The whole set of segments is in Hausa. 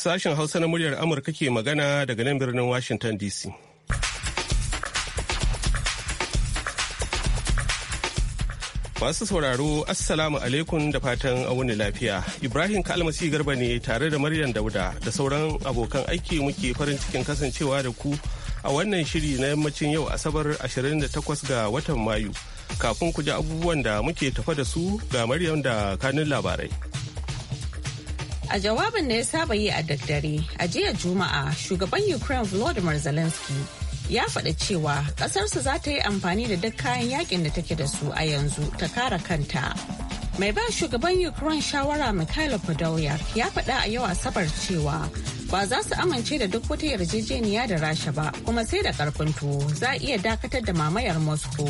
Sashen Hausa na muryar Amurka ke magana daga nan birnin Washington DC. Masu sauraro, Assalamu alaikum da fatan wani lafiya. Ibrahim Kalmasi Garba ne tare da Maryam Dauda da sauran abokan aiki muke farin cikin kasancewa da ku a wannan shiri na yammacin yau Asabar 28 ga watan Mayu. kafin ku ji abubuwan da muke tafa da su ga Maryam da kanin labarai. A jawabin da ya saba yi a daddare a jiya Juma'a shugaban Ukraine Volodymyr Zelensky ya faɗa cewa ƙasarsa za ta yi amfani da duk kayan yakin da take da su a yanzu ta kare kanta. Mai ba shugaban Ukraine shawara Mikhail Podolyak ya faɗa a yau Asabar cewa ba za su amince da duk wata yarjejeniya da rasha ba kuma sai da ƙarfin tuwo za a iya dakatar da mamayar Moscow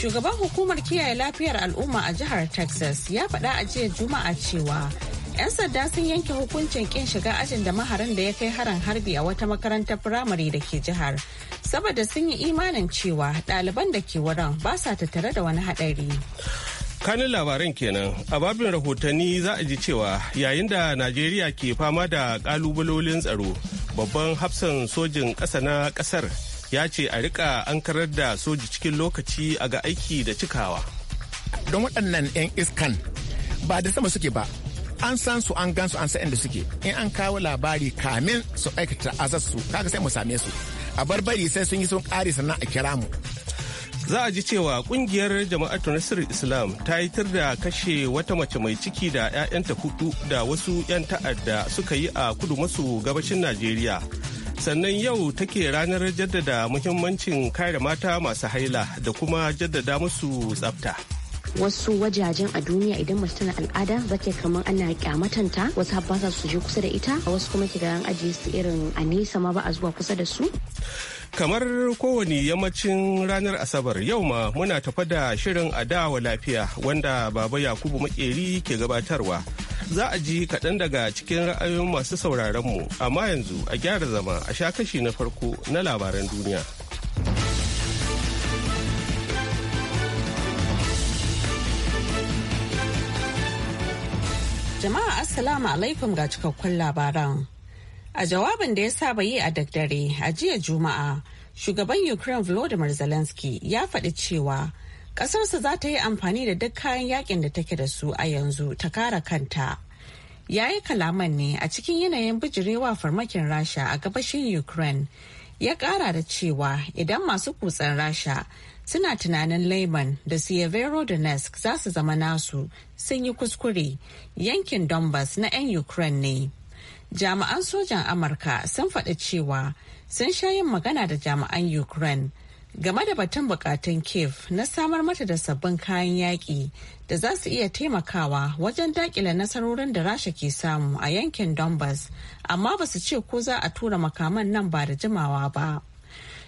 Shugaban hukumar kiyaye lafiyar al'umma a jihar Texas ya faɗa a jiya Juma'a cewa 'yan sanda sun yanke hukuncin kin shiga ajin da maharan da ya kai harin harbi a wata makarantar firamare da ke jihar saboda sun yi imanin cewa ɗaliban da ke wurin ba sa tattare da wani haɗari. kanin labaran kenan a babin rahotanni za a ji cewa yayin da najeriya ke fama da ƙalubalolin tsaro babban hafsan sojin ƙasa na ƙasar ya ce a rika an karar da soji cikin lokaci a ga aiki da cikawa. Don waɗannan 'yan iskan ba da sama suke ba, an san su an gan su an san inda suke in an kawo labari kamin su aikata su kaga sai mu same su a barbari sai sun yi sun kare sannan a kira mu za a ji cewa ƙungiyar jama'ar Tunisir islam ta yi tir da kashe wata mace mai ciki da 'ya'yanta hudu da wasu 'yan ta'adda suka yi a kudu maso gabashin najeriya sannan yau take ranar jaddada muhimmancin kare mata masu haila da kuma jaddada musu tsafta. wasu wajajen a duniya idan mace tana al'ada ba ke kamar ana kyamatanta wasu habbasa su je kusa da ita a wasu kuma ke garan ajiye su irin a nesa ma ba a zuwa kusa da su kamar kowane yammacin ranar asabar yau ma muna tafa da shirin adawa lafiya wanda baba yakubu makeri ke gabatarwa za a ji kaɗan daga cikin ra'ayoyin masu sauraronmu amma yanzu a gyara zama a sha kashi na farko na labaran duniya. Jama'a Assalamu alaikum ga cikakkun labaran. A jawabin da ya saba yi a daddare a jiya Juma'a, shugaban Ukraine Volodymyr Zelensky ya faɗi cewa kasarsa za ta yi amfani da duk kayan yakin da take da su a yanzu ta kara kanta ya yi kalaman ne a cikin yanayin bijirewa farmakin rasha a gabashin ukraine ya kara da cewa idan masu kutsen rasha suna tunanin laiman da da nesk za su zama nasu sun yi kuskure yankin donbass na 'yan ukraine ne jami'an sojan amurka sun faɗi cewa sun sha yin magana da jami'an ukraine game da batun bukatun kiev na samar mata da sabbin kayan yaƙi da za su iya taimakawa wajen dakila nasarorin da rasha ke samu a yankin donbass amma ba su ce ko za a tura makaman nan ba da jimawa ba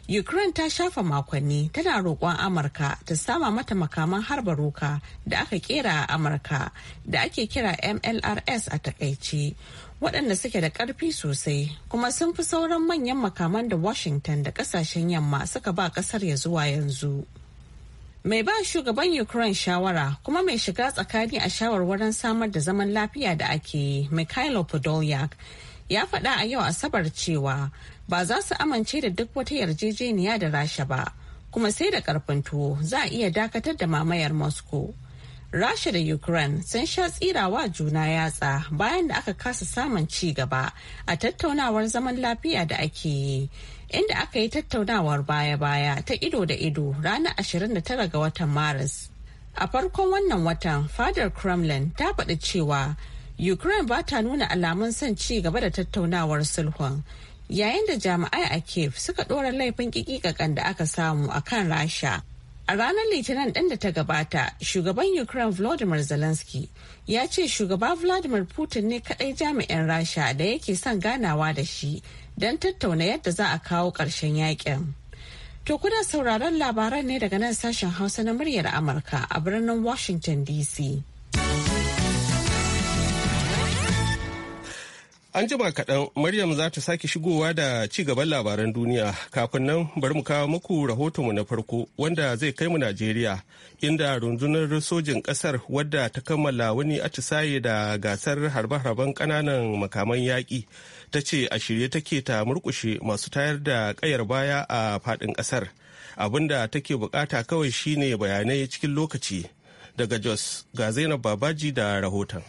ukraine ta shafa makonni tana roƙon amurka ta sama mata makaman harba roka da aka kera a amurka da ake kira mlrs a takaice waɗanda suke da ƙarfi sosai kuma sun fi sauran manyan makaman da washington da ƙasashen yamma suka ba ƙasar ya zuwa yanzu mai ba shugaban ukraine shawara kuma mai shiga tsakani a shawarwarin samar da zaman lafiya da ake yi mikhailo podolyak ya faɗa a yau asabar cewa ba za su amince da duk wata yarjejeniya da rasha ba kuma sai da ƙarfin tuwo za a iya dakatar da mamayar moscow Rasha da Ukraine sun sha tsirawa juna yatsa bayan da aka kasa samun ci gaba a tattaunawar zaman lafiya da ake yi. Inda aka yi tattaunawar baya-baya ta ido da ido ranar 29 ga watan Maris. A farkon wannan watan, fadar Kremlin ta faɗi cewa Ukraine ba ta nuna alamun son ci gaba da tattaunawar sulhun. Yayin da jami'ai a Kiev suka ɗora laifin ƙiƙiƙaƙan da aka samu a kan Rasha. A ranar Litinin ɗin da ta gabata, shugaban Ukraine Volodymyr Zelensky ya ce shugaba Vladimir Putin ne kaɗai jami'in Rasha da yake son ganawa da shi don tattauna yadda za a kawo ƙarshen yakin. To kuna sauraron labaran ne daga nan sashen Hausa na muryar Amurka a birnin Washington DC. An jima kaɗan Maryam za ta sake shigowa da ci gaban labaran duniya kafin nan bari mu kawo muku rahotonmu na farko wanda zai kai mu Najeriya inda rundunar sojin ƙasar wadda ta kammala wani atisaye da gasar harbe-harben ƙananan makaman yaƙi ta ce a shirye take ta murƙushe masu tayar da ƙayar baya a faɗin ƙasar abinda take buƙata kawai shine bayanai cikin lokaci daga Jos ga Zainab Babaji da rahoton.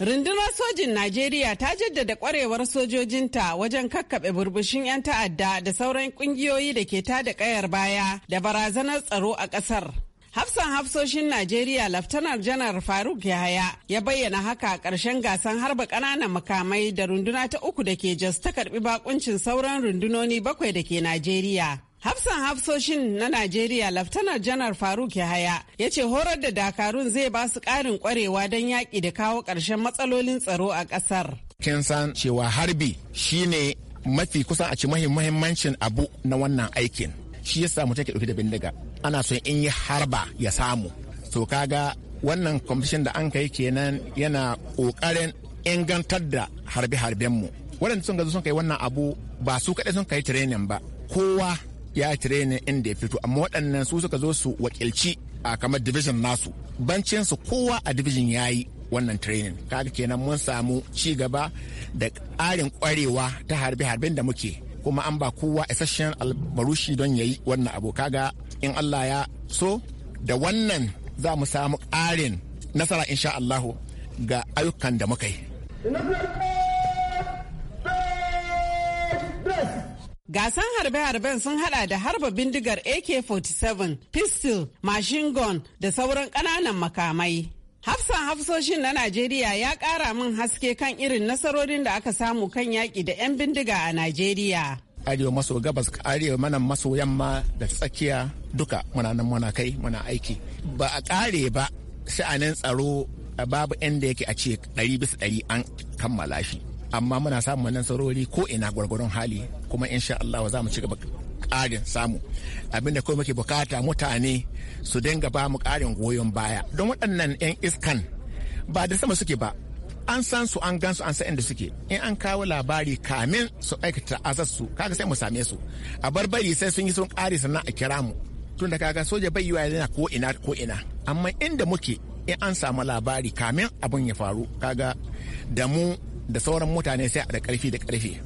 Rundunar sojin Najeriya ta jaddada kwarewar sojojinta wajen kakkaɓe burbushin 'yan ta'adda da sauran ƙungiyoyi da ke tada ƙayar baya da barazanar tsaro a ƙasar. Hafsan hafsoshin Najeriya Laftanar Janar Faruk Yahaya ya bayyana haka a ƙarshen gasan harba ƙananan makamai da runduna ta uku da ke Jos ta karɓi bakuncin sauran rundunoni bakwai da ke Najeriya. Hafsan hafsoshin na Najeriya Laftanar Janar Faruk Yahaya ya ce horar da dakarun zai ba su kwarewa kwarewa don yaƙi da kawo ƙarshen matsalolin tsaro a ƙasar. Kin san cewa harbi shine mafi kusan a ci mahimmancin abu na wannan aikin. Shi yasa mu take ɗauki da bindiga. Ana son in yi harba ya samu. To kaga wannan kwamfishin da an kai kenan yana kokarin ingantar da harbe-harbenmu. wadanda sun gazu sun kai wannan abu ba su kaɗai sun kai tirenin ba. Kowa ya tirenin inda ya fito amma waɗannan su suka zo su wakilci a kamar division nasu bancinsu kowa a division ya yi wannan training kaga kenan mun samu ci gaba da ƙarin ƙwarewa ta harbe-harben da muke kuma an ba kowa isasshen albarushi don ya yi wannan abu kaga in Allah ya so da wannan za mu samu ƙarin nasara insha Allahu ga ayyukan da muka yi. Gasan harbe-harben sun hada da harba bindigar AK-47, pistol, machine gun da sauran kananan makamai. Hafsan hafsoshin na Najeriya ya kara min haske kan irin nasarorin da aka samu kan yaki da 'yan bindiga a Najeriya. arewa maso gabas arewa mana maso yamma da tsakiya duka muna nan muna kai muna aiki ba a kare ba sha'anin tsaro babu inda yake a ce ɗari bisa ɗari an kammala shi amma muna samun wannan sarori ko ina gwargwaron hali kuma insha Allah za mu ci gaba ƙarin samu abinda kuma muke bukata mutane su dinga ba mu ƙarin goyon baya don waɗannan 'yan iskan ba da sama suke ba an san su an gan su an san inda suke in an kawo labari kamin su aikata azar su kaga sai mu same su a barbari sai sun yi sun ƙare sannan a kira mu tun da kaga soja bai yiwa yana ko ina ko ina amma inda muke in an samu labari kamin abin ya faru kaga da mu da sauran mutane sai da karfi da karfi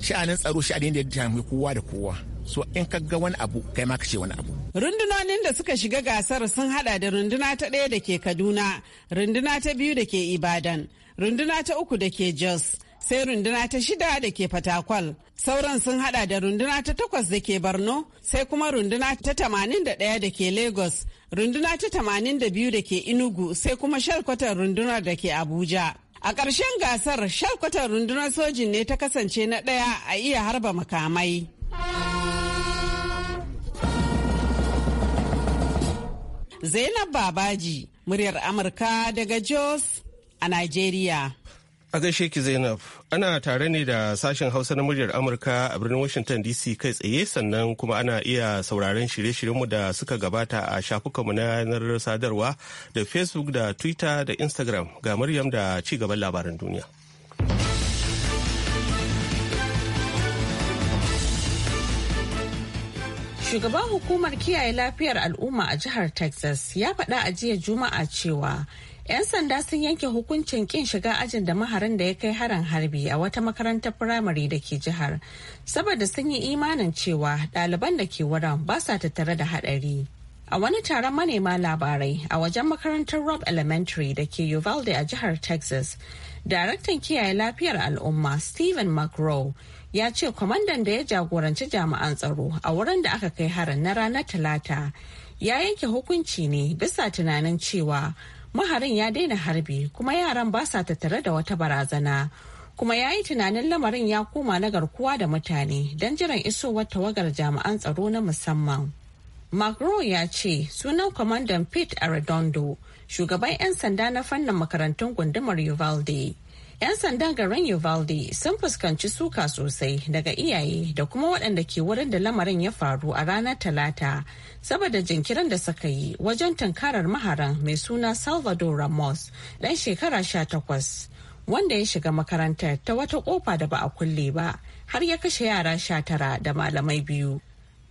sha'anin tsaro sha'anin da ya shafi kowa da kowa so in ka ga wani abu kai ma ka ce wani abu rundunonin da suka shiga gasar sun hada da runduna ta ɗaya da ke kaduna runduna ta biyu da ke ibadan runduna ta uku da ke jos sai runduna ta shida da ke fatakwal sauran sun hada da runduna ta takwas da ke borno sai kuma runduna ta tamanin da ɗaya da ke lagos runduna ta tamanin da biyu da ke inugu sai kuma shalkwatar rundunar da ke abuja A ƙarshen gasar, shakwatar rundunar sojin ne ta kasance na ɗaya a iya harba makamai. Zainab Babaji, muryar Amurka daga Jos a Najeriya. A gaishe ki Zainab, ana tare ne da sashen Hausa na muryar Amurka a birnin Washington DC kai tsaye sannan kuma ana iya sauraron shirye-shiryenmu da suka gabata a shafukanmu na yanar sadarwa da Facebook da Twitter da Instagram ga Maryam da ci gaban labaran duniya. Shugaban hukumar kiyaye lafiyar al'umma a jihar Texas ya faɗa a jiya Juma'a cewa 'Yan sanda sun yanke hukuncin kin shiga ajin da maharin da ya kai harin harbi a wata makarantar firamare da ke jihar, saboda sun yi imanin cewa ɗaliban da ke wurin ba sa tattare da haɗari. A wani taron manema labarai a wajen makarantar Rob Elementary da ke Uvalde a jihar Texas, daraktan kiyaye lafiyar al'umma Stephen McGraw ya ce kwamandan da ya jagoranci jami'an tsaro a wurin da aka kai harin na ranar Talata ya yanke hukunci ne bisa tunanin cewa maharin ya daina harbi kuma yaran ba sa tattare da wata barazana kuma ya yi tunanin lamarin ya koma na garkuwa da mutane don jiran isowar tawagar jami'an tsaro na musamman macron ya ce sunan kwamandan pete arredondo shugaban 'yan sanda na fannin makarantun gundumar uvalde 'Yan sandan garin Uvalde sun fuskanci suka sosai daga iyaye da kuma waɗanda ke wurin da lamarin ya faru a ranar Talata saboda jinkirin da suka yi wajen tunkarar maharan mai suna Salvador Ramos ɗan shekara sha takwas wanda ya shiga makarantar ta wata ƙofa da ba a kulle ba har ya kashe yara sha tara da malamai biyu.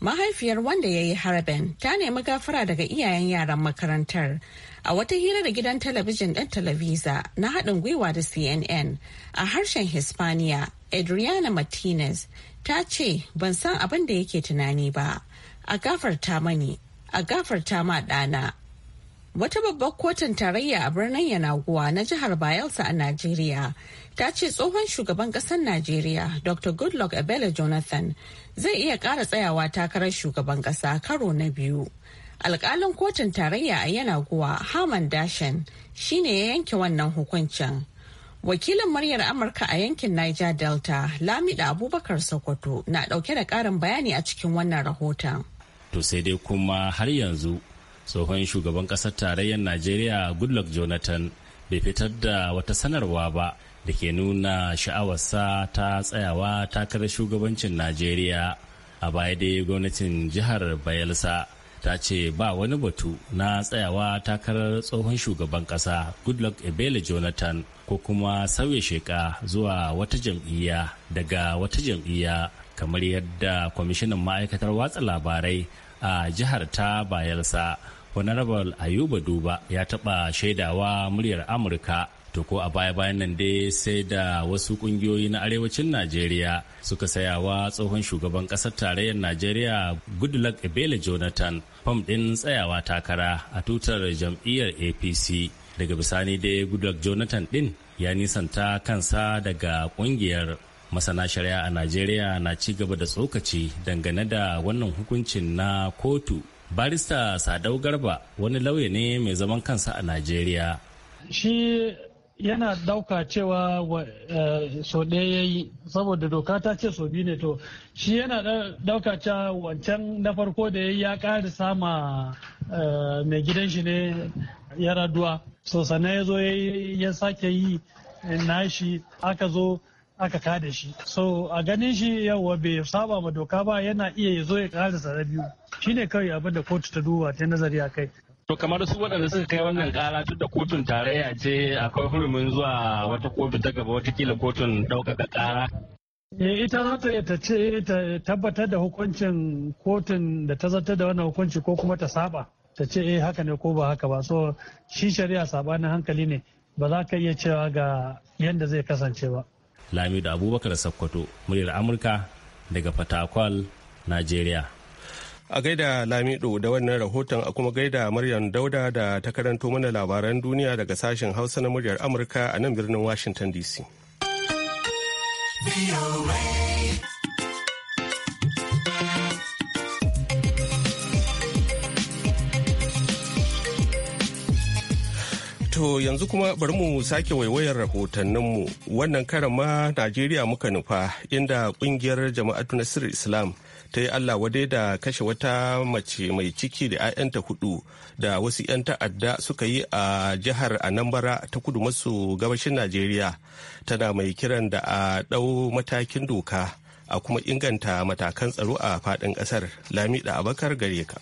mahaifiyar wanda ya yi harbin ta nemi gafara daga iyayen yaran makarantar a wata hira da gidan talabijin ɗin talabiza na haɗin gwiwa da cnn a harshen hispania adriana martinez ta ce ban san abin da yake tunani ba a gafarta mani a gafarta ma ɗana Wata babbar kotun tarayya a birnin Yanaguwa na jihar Bayelsa a Najeriya ta ce tsohon shugaban ƙasar Najeriya Dr. Goodluck Abele Jonathan zai iya ƙara tsayawa takarar shugaban kasa karo na biyu. Alkalin kotun tarayya a Yanaguwa Haman Dashen shine ya yanke wannan hukuncin. Wakilin muryar Amurka a yankin Niger Delta, Lamida Abubakar Sokoto, na dauke da karin bayani a cikin wannan rahoton. To sai dai kuma har yanzu tsohon shugaban ƙasar tarayyar najeriya goodluck jonathan bai fitar da wata sanarwa ba da ke nuna sha'awarsa ta tsayawa takarar shugabancin najeriya a baya dai gwamnatin jihar bayelsa ta ce ba wani batu na tsayawa takarar tsohon shugaban kasa goodluck ebele jonathan ko kuma sauya sheka zuwa wata jam'iyya daga wata jam'iyya kamar yadda kwamishinan ma'aikatar watsa labarai a jihar ta bayelsa honorable ayuba duba ya taɓa shaidawa muryar amurka to ko a baya-bayan nan dai sai da wasu kungiyoyi na arewacin najeriya suka sayawa tsohon shugaban kasar tarayyar najeriya goodluck ebele jonathan fom ɗin tsayawa takara a tutar jam'iyyar apc daga bisani dai goodluck jonathan ɗin ya nisanta kansa daga kungiyar masana shari'a a najeriya na ci gaba da tsokaci dangane da wannan hukuncin na kotu barista sadau garba wani lauya ne mai zaman kansa a najeriya shi yana dauka cewa eh, so ɗaya ya yi saboda doka ta ce so biyu ne to shi yana dauka cewa wancan na farko da ya yi ya ƙari sama eh, mai gidan shi ne ya raduwa so sannan ya zo ya sake yi eh, nashi aka zo aka kada shi so a ganin shi yawa bai saba ma doka ba yana iya ya zo ya kara sara biyu shine kawai abin da kotu ta duba ta nazari a kai To kamar su waɗanda suka kai wannan kara tun da kotun tarayya ce akwai hurumin zuwa wata kotu ta gaba wata kila kotun ɗaukaka ƙara. Eh, ita za ta ta ce ta tabbatar da hukuncin kotun da ta zartar da wannan hukunci ko kuma ta saba ta ce eh haka ne ko ba haka ba so shi shari'a sabanin hankali ne ba za ka iya cewa ga yadda zai kasance ba. Lamido Abubakar Sakkwato, muryar Amurka daga Fatakwal, Najeriya. A gaida Lamido da wannan rahoton a kuma gaida Maryam Dauda da ta karanto mana labaran duniya daga sashen Hausa na muryar Amurka a nan birnin Washington DC. To yanzu kuma bari mu sake waiwayar rahotanninmu wannan karan ma Najeriya muka nufa inda kungiyar jama'atu Nasir Islam ta yi Allah wadai da kashe wata mace mai ciki da 'ya'yanta hudu da wasu 'yan ta'adda suka yi a jihar Anambra ta kudu maso gabashin Najeriya tana mai kiran da a dau matakin doka a kuma inganta matakan tsaro a faɗin ƙasar Lamida Abakar gare ka.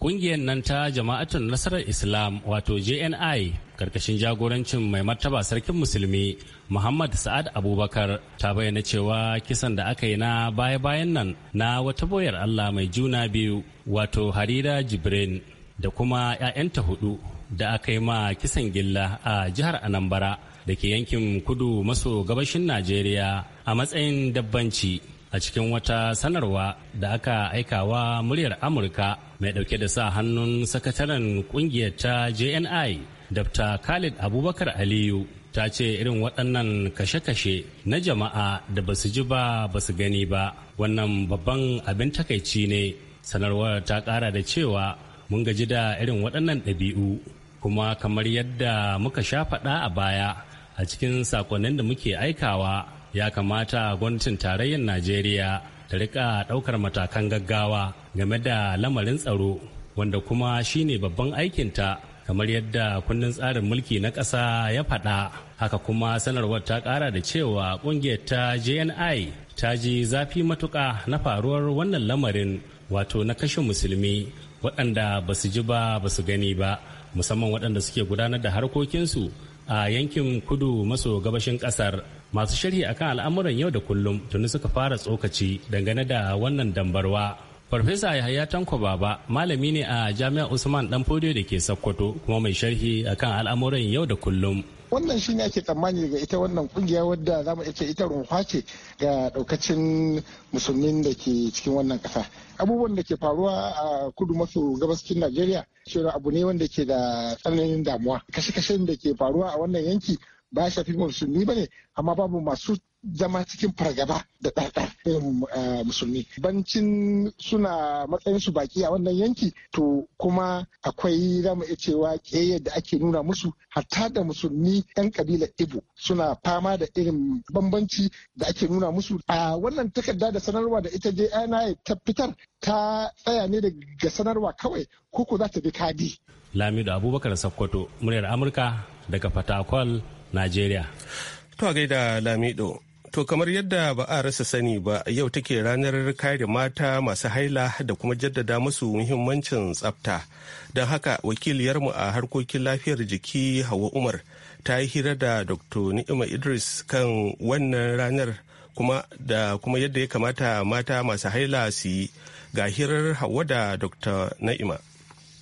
Ƙungiyar nan ta jama'atun nasarar Islam wato JNI karkashin jagorancin mai martaba sarkin musulmi Muhammad Sa'ad Abubakar ta bayyana cewa kisan da aka yi na baya-bayan nan na wata boyar Allah mai juna biyu wato Harira Jibrin da kuma 'ya'yanta hudu da aka yi ma kisan gilla a jihar Anambra da ke yankin kudu maso gabashin Najeriya a matsayin dabbanci. a cikin wata sanarwa da aka aikawa muryar amurka mai dauke da sa hannun sakataren kungiyar ta jni dr khalid abubakar aliyu ta ce irin waɗannan kashe-kashe na jama'a da basu ji ba basu gani ba wannan babban abin takaici ne sanarwar ta ƙara da cewa mun gaji da irin waɗannan ɗabi'u kuma kamar yadda muka sha faɗa a baya a cikin sakonnin da muke aikawa ya kamata gwamnatin tarayyar najeriya ta rika daukar matakan gaggawa game da lamarin tsaro wanda kuma shine babban aikinta kamar yadda kundin tsarin mulki na ƙasa ya faɗa haka kuma sanarwar ta ƙara da cewa ƙungiyar ta jni ta ji zafi matuƙa na faruwar wannan lamarin wato na kashe musulmi waɗanda ba su ji ba ba su gani ba musamman waɗanda suke gudanar da harkokinsu a yankin kudu maso gabashin ƙasar masu sharhi akan al'amuran yau da kullum tuni suka fara tsokaci dangane da wannan dambarwa farfesa yahaya tanko baba malami ne a jami'ar usman dan fodiyo da ke sokoto kuma mai sharhi akan al'amuran yau da kullum wannan shi ne ake tsammani daga ita wannan kungiya wadda za mu ce ita rumfa ce ga daukacin musulmin da ke cikin wannan kasa abubuwan da ke faruwa a kudu maso cikin najeriya shi abu ne wanda ke da tsananin damuwa kashe-kashen da ke faruwa a wannan yanki ba ya shafi musulmi ba ne amma babu masu zama cikin fargaba da ɗarɗar irin eh, musulmi. Bancin suna matsayin su baki a wannan yanki to kuma akwai zama iya cewa da ake nuna musu hatta da musulmi 'yan kabila Ibo suna fama da irin bambanci da ake nuna musu. A wannan takarda da sanarwa da ita je ana ta fitar ta tsaya ne daga sanarwa kawai ko za ta bi kadi. Lamido Abubakar Sakkwato, muryar Amurka daga Fatakwal, Najeriya. To a gaida Lamido. To kamar yadda ba a rasa sani ba yau take ranar kare mata masu haila da kuma jaddada musu muhimmancin tsafta. Don haka wakiliyarmu a harkokin lafiyar jiki Hawa Umar ta yi hira da Dr. Ni'ima Idris kan wannan ranar kuma da kuma yadda ya kamata mata masu haila su yi ga hirar Hawa da Dr. Na'ima.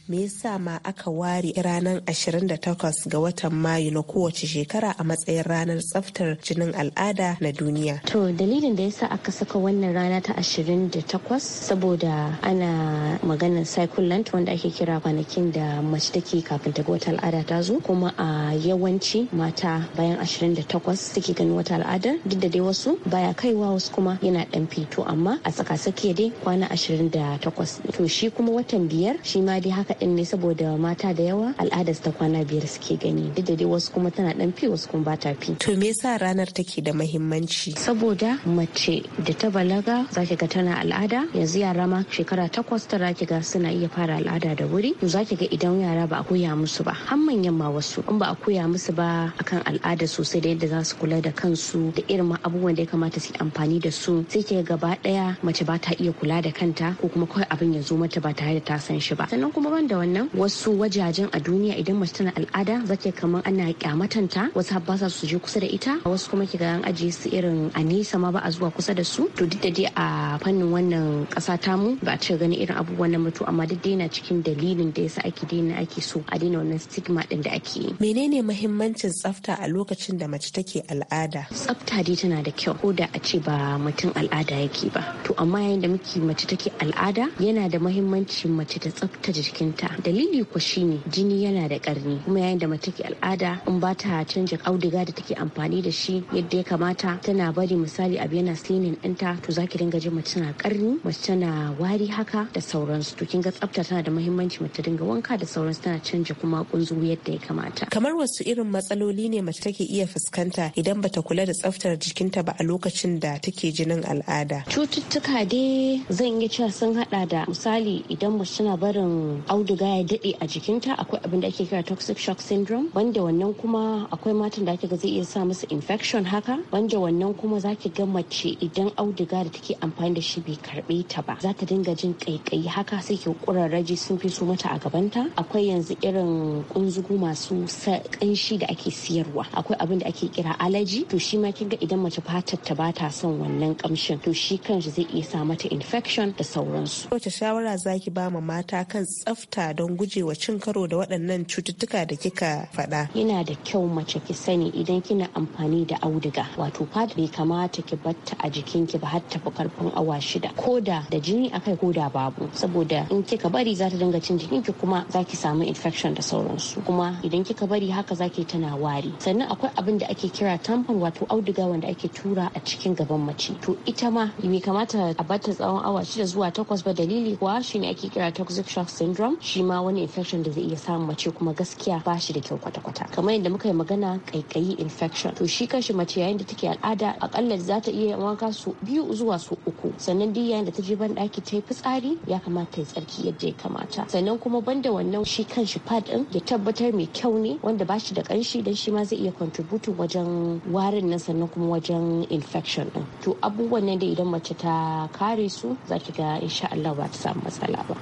me yasa ma aka ware ranar 28 ga watan mayu na kowace shekara a matsayin ranar tsaftar jinin al'ada na duniya to dalilin da yasa aka saka wannan rana ta 28 saboda ana maganar cyclant wanda ake kira kwanakin da mace take kafin ta ga wata al'ada ta zo kuma a yawanci mata bayan 28 suke ganin wata al'ada duk da dai wasu baya kaiwa wasu kuma yana dan fito amma a tsaka-tsakiya dai kwana 28 to shi kuma watan biyar shi ma dai haka din ne saboda mata da yawa su ta kwana biyar suke gani duk da dai wasu kuma tana dan fi wasu kuma ba fi. To me yasa ranar take da mahimmanci? Saboda mace da ta balaga za ki ga tana al'ada yanzu yara ma shekara takwas tara ki ga suna iya fara al'ada da wuri za ki ga idan yara ba a koya musu ba har manyan ma wasu in ba a koya musu ba akan al'ada sosai da yadda za su kula da kansu da irin abubuwan da ya kamata su amfani da su sai ke gaba daya mace ba ta iya kula da kanta ko kuma kawai abin ya zo mata ba tare da ta san shi ba sannan kuma ban da wannan wasu wajajen a duniya idan mace tana al'ada zake kamar ana kyamatanta wasu har za su je kusa da ita wasu kuma kiga an ajiye su irin a nesa ma ba a zuwa kusa da su to duk da dai a fannin wannan kasa tamu ba a cika gani irin abubuwan na mutu amma duk na cikin dalilin da yasa ake daina ake so a daina wannan stigma din da ake yi menene mahimmancin tsafta a lokacin da mace take al'ada tsafta dai tana da kyau ko da a ce ba mutum al'ada yake ba to amma yayin da muke mace take al'ada yana da mahimmanci mace ta tsaftace jikin mata dalili ku shine jini yana da karni kuma yayin da mace ke al'ada in ba ta canja auduga da take amfani da shi yadda ya kamata tana bari misali abu yana sinin ɗinta to zaki dinga jin mace na karni mace tana wari haka da sauransu to kin ga tsafta tana da muhimmanci mace dinga wanka da sauransu tana canja kuma kunzu yadda ya kamata kamar wasu irin matsaloli ne mace take iya fuskanta idan bata kula da tsaftar jikinta ba a lokacin da take jinin al'ada cututtuka dai zan iya cewa sun hada da misali idan mace tana barin auduga auduga ya daɗe a jikinta akwai abin da ake kira toxic shock syndrome wanda wannan kuma akwai matan da ake ga zai iya sa musu infection haka wanda wannan kuma zaki ga mace idan auduga da take amfani da shi bai karbe ta ba za ta dinga jin kaikayi haka sai ke ƙurarraji sun fi so mata a gabanta akwai yanzu irin kunzugu masu kanshi da ake siyarwa akwai abin da ake kira allergy to shi ma kinga idan mace fatar ta bata son wannan kamshin to shi kanshi zai iya sa mata infection da sauransu wace shawara zaki ba ma mata kan tsafta haka don gujewa cin karo da waɗannan cututtuka da kika faɗa. Yana da kyau mace ki sani idan kina amfani da auduga wato fata bai kamata ki batta a jikinki ba har tafi karfin awa shida ko da da jini akai ko da babu saboda in kika bari za ta dinga cin jikinki kuma za ki samu infection da sauransu kuma idan kika bari haka za ki tana wari sannan akwai abin da ake kira tampon wato auduga wanda ake tura a cikin gaban mace to ita ma bai kamata a batta tsawon awa shida zuwa takwas ba dalili kuwa shine ake kira toxic shock syndrome shi ma wani infection da zai iya samun mace kuma gaskiya ba shi da kyau kwata-kwata kamar yadda muka yi magana kaikayi infection to shi kanshi mace yayin da take al'ada akalla za ta iya wanka su biyu zuwa su uku sannan duk yayin da ta je ban daki ta yi fitsari ya kamata ta yi tsarki yadda ya kamata sannan kuma banda wannan shi kanshi pad din ya tabbatar mai kyau ne wanda ba shi da kanshi dan shi ma zai iya contributing wajen warin nan sannan kuma wajen infection din to abubuwan nan da idan mace ta kare su za ki ga insha Allah ba ta samu matsala ba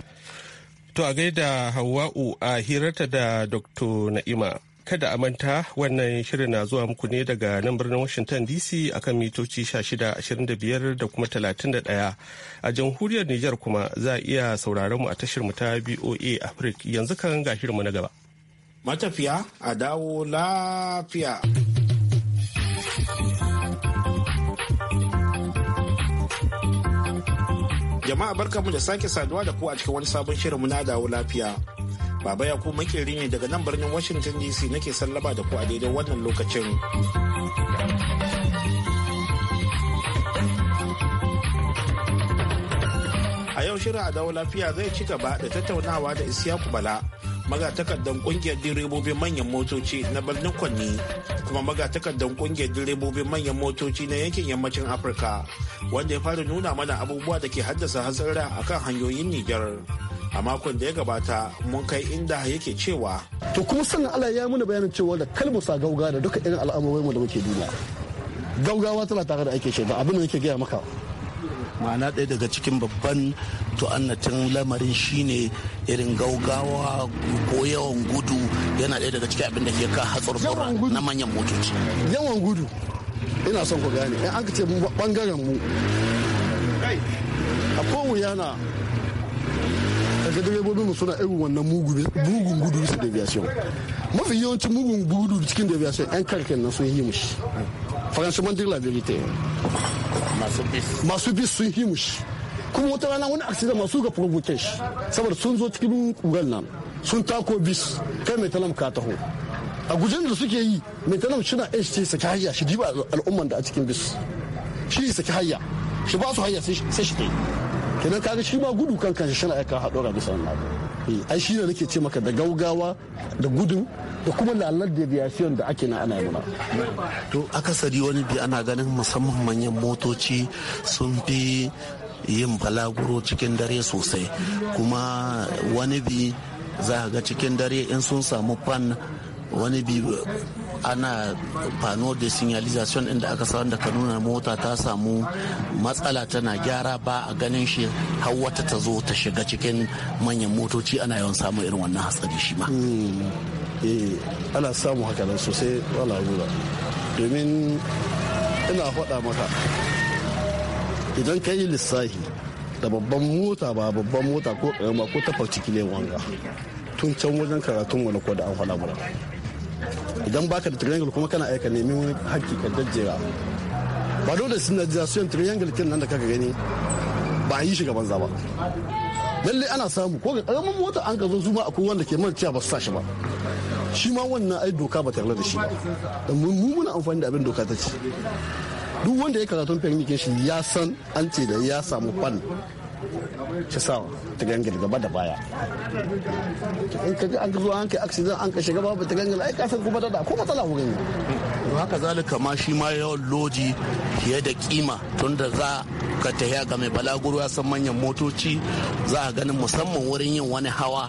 To a gaida Hauwa'u a hirarta da Dr. Na'ima. Kada a manta wannan shirin na zuwa muku ne daga nan birnin Washington DC a kan mitoci 1625 da kuma 31. A jamhuriyar Nijar kuma za a iya sauraron mu a tashar mu ta BOA Africa yanzu kan ga shirinmu na gaba. Matafiya a dawo lafiya. Jama'a barkamu da sake saduwa da ku a cikin wani sabon shirin mu na dawo lafiya. Baba ya ku makeri ne daga nan birnin Washington DC nake sallaba da ku a daidai wannan lokacin. A yau shirin a dawo lafiya zai ci gaba da tattaunawa da Isiyaku Bala magatakardar kungiyar direbobin manyan motoci na birnin kwanni kuma magatakardar kungiyar direbobin manyan motoci na yankin yammacin afirka wanda ya fara nuna mana abubuwa da ke haddasa hatsarra kan hanyoyin nijar a makon da ya gabata mun kai inda yake cewa to kuma sannan Allah ya muna bayanin cewa da kalmusa gauga da duka irin al'amuran mu da muke duniya gaugawa tana tare da ake shaida abin da yake gaya maka ma'ana ɗaya daga cikin babban tu'annatin lamarin shine irin gaugawa ko yawan gudu yana ɗaya daga cikin abin da ke ka hatsar na manyan motoci yawan gudu ina son ku gane in an ka ce bangaren mu a kowu yana daga direbobin mu suna irin wannan mugun gudu bisa deviation mafi yawancin mugun gudu cikin deviation yan karkin na sun yi mushi faransu man la verite masu bis sun himu mushi kuma wata rana wani accident masu ga provoke shi saboda sun zo cikin kugal nan sun tako bis kai mai talam ka taho a gujen da suke yi mai talam shi na ce saki hayya shi diba al'umman da a cikin bis shi saki hayya shi ba su hayya sai shi ta yi kenan kaga shi ma gudu kan kan shi na aika haɗura bisa wannan abu ai shi ne nake ce maka da gaugawa da gudun da kuma lalar deviation da ake na ana yana to akasari wani bi ana ganin musamman manyan motoci sun fi yin balaguro cikin dare sosai kuma wani bi za ga cikin dare in sun samu fan wani bi ana fano da signalization inda aka sa wanda ka nuna mota ta samu matsala tana gyara ba a ganin shi har wata ta zo ta shiga cikin manyan motoci ana yawan samun irin wannan hatsari shi ma. Hmm. Eh, ana samu haka nan sosai wala rura domin ina faɗa maka idan ka yi lissahi da babban mota ba babban mota ko ƙarama ko tafarci ne wanga tun can wajen karatun wani ko da an faɗa mura idan baka da triangle kuma kana aika nemi wani hakki ka jajjera ba dole da sinadization triangle kin nan da kaka gani ba a yi shi banza ba lalle ana samu ko ga karamin mota an ka zo su ma akwai wanda ke cewa ba su sa shi ba shi ma wannan ai doka ba ta da shi ba mu muna amfani da abin doka ta ce duk wanda ya karatun fermikin shi ya san an ce da ya samu fan ci sa ta gangal gaba da baya in ka ji an zo an kai accident an ka shiga babu ta gangal ai kasan kuma da ko matsala ku gangal haka zalika ma shi ma yawan loji fiye da kima tunda za ka tafiya ga mai balaguro ya san manyan motoci za a ganin musamman wurin yin wani hawa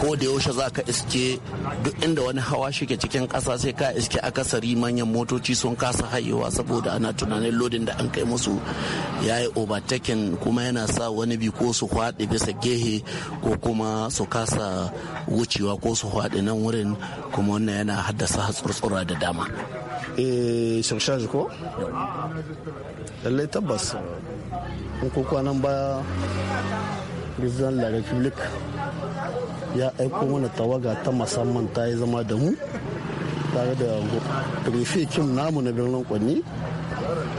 ko da yaushe za ka iske duk inda wani hawa shike cikin ƙasa sai ka iske akasari manyan motoci sun kasa hayewa saboda ana tunanin lodin da an kai musu ya yi overtaking kuma yana sa wani bi ko su kwaɗe bisa gehe ko kuma su kasa wucewa ko su kwaɗe nan wurin kuma wannan yana haddasa hatsurtsura da dama. Eh, ko? Lallai tabbas. ko kwanan baya president la republique ya aiko mana tawaga ta musamman ta yi zama da mu tare da rufikin namu na birnin kwanni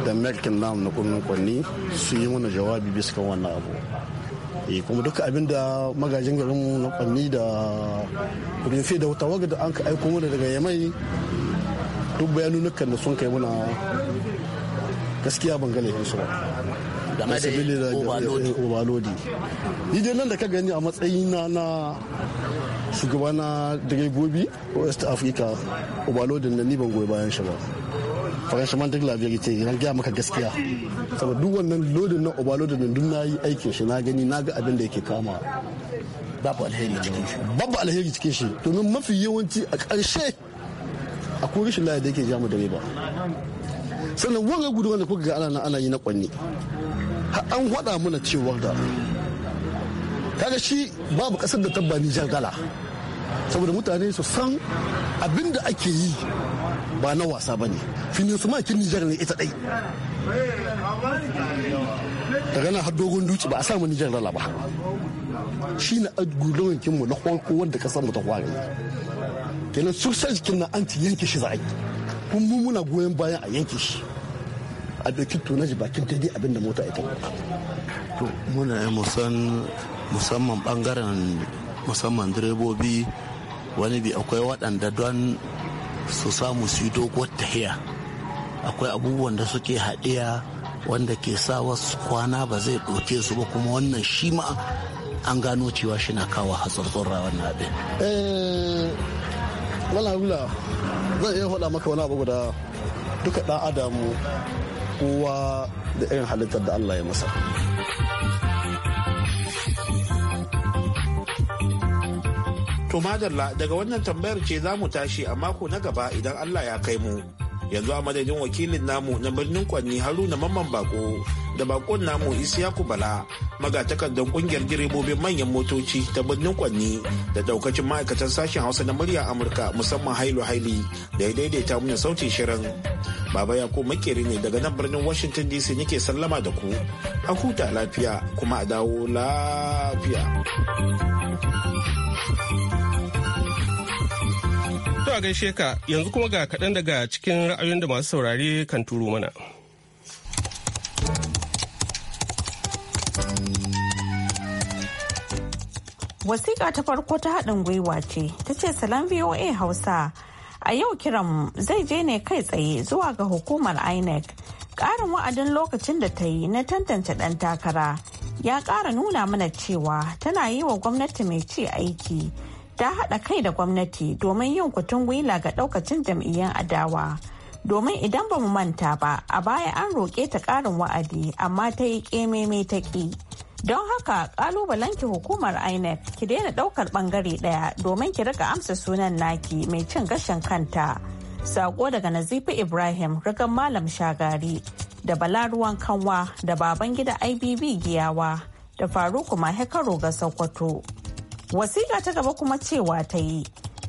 da melkin namu na birnin kwanni su yi mana jawabi bisa kan wannan abu e kuma duka abin da magajin garinmu na kwanni da rufi da tawaga da an ka aiko mana daga yamai duk bayanunukan da sun kai muna gaskiya ban gane su ba game da eh, overloading ni dai nan da ka gani a matsayin na shugaba na direbobi west africa overloading da ni ban goyi bayan shi ba faransaman duk labiyar ce ran gaya maka gaskiya saboda duk wannan lodin na overloading din duk nayi aikin shi na gani na ga abin da yake kama babu alheri cikin shi babu alheri cikin shi domin mafi yawanci a ƙarshe akwai rashin layar da yake jamu mu direba sannan wani gudu wanda kuka ga ana ana yi na kwanne an hada mana cewar da kaga shi babu kasar da tabba nijar dala saboda mutane su san abin da ake yi ba na wasa ba ne finisumakin nijar ne ita ɗai daga nan har dogon duci ba a samu nijar dala ba shi na mu na farko wanda kasar mu ta kware kenan sursar jikin na an ci yanke shi za a yi kuma muna goyon bayan a yanke shi a doki tonaji bakin daidai abin da mota ita to muna musan musamman bangaren musamman direbobi wani bi akwai waɗanda don su samu su yi doguwar tahiya akwai abubuwan da suke haɗiya wanda ke sa wasu kwana ba zai ɗauke su ba kuma wannan shi ma an gano cewa shi na kawo hatsartsarra wannan abin. Eh, wala wula zan iya faɗa maka wani abu guda duka ɗan adamu kowa da irin halittar da Allah ya masa To madalla daga wannan tambayar ce za mu tashi a mako na gaba idan Allah ya kai mu. yanzu a madadin wakilin namu na birnin kwanni haruna mamman bako da bakon namu isiyaku bala magatakardan kungiyar direbobin manyan motoci ta birnin kwanni da daukacin ma'aikatan sashen hausa na murya amurka musamman hailu haili da ya daidaita mun sautin shirin baba yako makeri ne daga nan birnin washington dc nake sallama da ku a huta lafiya kuma a dawo lafiya a gaishe ka yanzu kuma ga kaɗan daga cikin ra'ayoyin da masu saurare kan turo mana. Wasiƙa ta farko ta haɗin gwiwa ce, ta ce salam VOA Hausa. A yau kiran zai je ne kai tsaye zuwa ga hukumar INEC. Ƙarin wa'adin lokacin da ta yi na tantance ɗan takara ya ƙara nuna mana cewa tana yi wa gwamnati mai ci aiki. ta haɗa kai da gwamnati domin yin kutun gwila ga ɗaukacin jam'iyyar adawa. Domin idan ba mu manta ba, a baya an roƙe ta ƙarin wa'adi amma ta yi ƙememe ta ƙi. Don haka ƙalubalenki hukumar INEC ki daina ɗaukar ɓangare ɗaya domin ki rika amsa sunan naki mai cin gashin kanta. Sako daga Nazifi Ibrahim rigan Malam Shagari da Balaruwan Kanwa da baban Babangida IBB Giyawa da Faruku Mahekaro ga Sokoto. wasiƙa ta gaba kuma cewa ta yi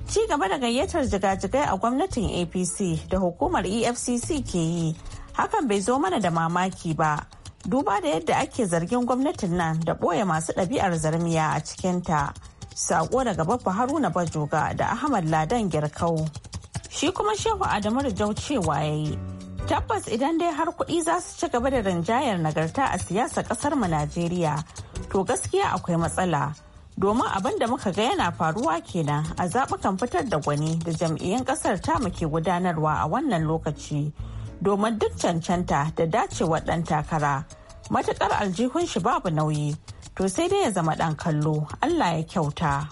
ci gaba da gayyatar jigajigai a gwamnatin apc da hukumar efcc ke yi hakan bai zo mana da mamaki ba duba da yadda ake zargin gwamnatin nan da ɓoye masu ɗabi'ar zarmiya a cikinta sako daga babba haruna bajoga da ahmad ladan girkau shi kuma shehu adamu rijau cewa ya yi tabbas idan dai har kuɗi za su ci gaba da rinjayar nagarta a siyasar ƙasar mu najeriya to gaskiya akwai matsala domin abin da muka ga yana faruwa kenan a zaɓukan fitar da gwani da jam'iyyun ƙasar ta muke gudanarwa a wannan lokaci domin duk cancanta da dacewar ɗan takara matuƙar aljihun shi babu nauyi to sai dai ya zama ɗan kallo allah ya kyauta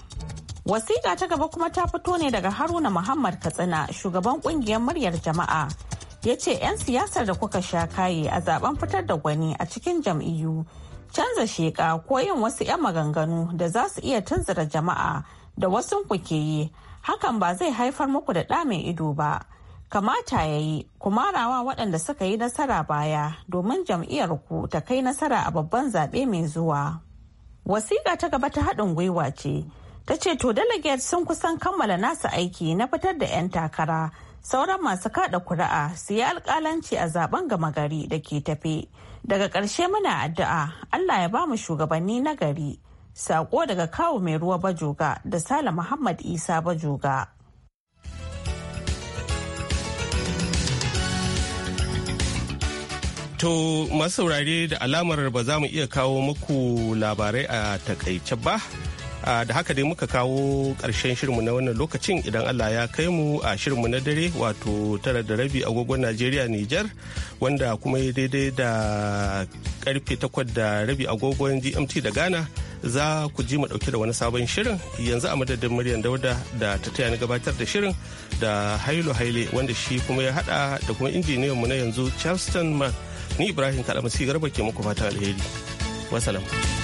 wasiƙa ta gaba kuma ta fito ne daga haruna muhammad katsina shugaban ƙungiyar muryar jama'a ya ce 'yan siyasar da kuka sha kaye a zaben fitar da gwani a cikin jam'iyyu canza sheƙa ko yin wasu 'yan maganganu da za su iya tunzura jama'a da wasu ku yi hakan ba zai haifar muku da ɗa mai ido ba kamata ya yi ku marawa waɗanda suka yi nasara baya domin jam'iyyar ku ta kai nasara a babban zaɓe mai zuwa wasiƙa ta gaba ta haɗin gwiwa ce ta ce to delegates sun kusan kammala nasu aiki na fitar da 'yan takara sauran masu kaɗa kuri'a su yi alkalanci a zaben gama gari da ke tafe Daga ƙarshe muna addu'a Allah ya ba mu shugabanni na gari. Sako daga kawo mai ruwa bajoga da Sala Muhammad Isa bajoga. To masu saurare da alamar ba za mu iya kawo muku labarai a takaice ba da haka dai muka kawo ƙarshen shirinmu na wannan lokacin idan allah ya kai mu a shirinmu na dare wato tara da rabi agogon najeriya nijar wanda kuma ya daidai da karfe takwas da rabi agogon gmt da ghana za ku ji mu dauke da wani sabon shirin yanzu a madadin maryam dauda da ta taya ni gabatar da shirin da hailo haile wanda shi kuma ya hada da kuma injiniyan mu na yanzu charleston mark ni ibrahim kalamasi garba ke muku fatan alheri wasalam